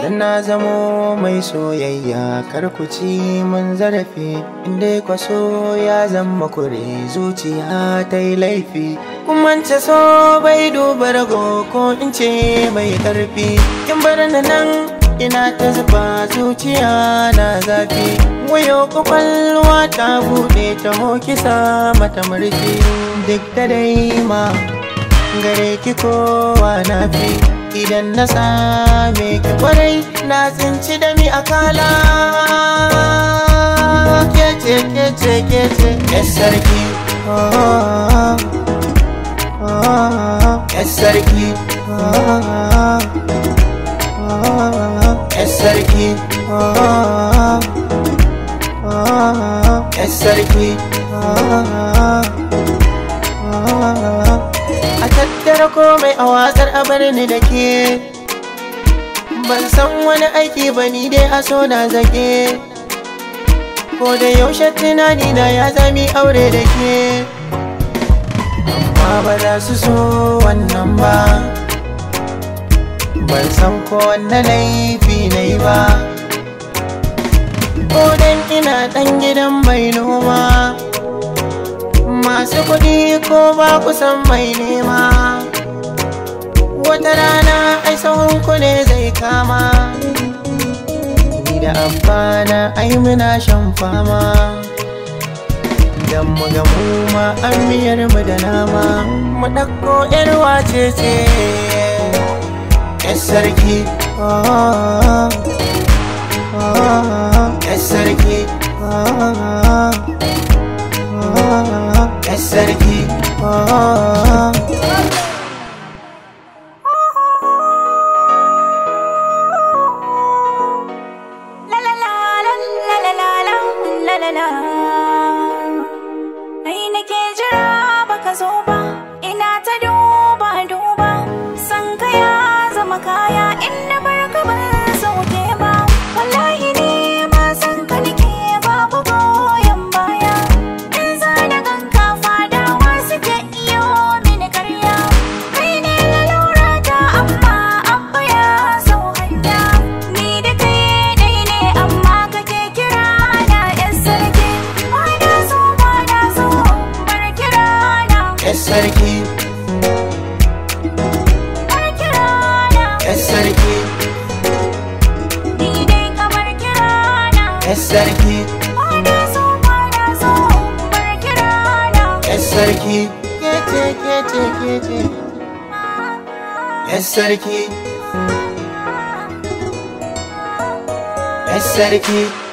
Dan na zamo mai soyayya kar ku ci mun zarafi inda kwaso ya zama kure zuciya ta yi laifi ce so bai duba rago ko in ce mai karfi kin bar nan ina ta zuba zuciya na zafi wayo kwakwalwa ta buɗe ta kisa mata murfi duk da dai ma gare ki kowa na fi idan na same ki kwarai na tsinci da mi akala kece kece kece ya sarki ya sarki sarki ya sarki a tattara komai a wasar a bar ni da ke ban san wani aiki ba ni dai a so na zake ko da yaushe tunani na ya zami aure da ke amma ba za su so wannan ba ban san ko wanne laifi bari ba ina ɗan gidan mai noma masu kuɗi ko ba kusan mai nema wata rana ai sahunku ne zai kama da amfana ai muna shan fama dan mu ga mu ma an miyar mu da nama mu ɗauko 'yar wace ce 'yar sarki Eserki Eserki Eserki sarki Kes sarki Ni dai kamar kirana Kes sarki Bana so bana so bar kirana Kes sarki Kece kece kece Kes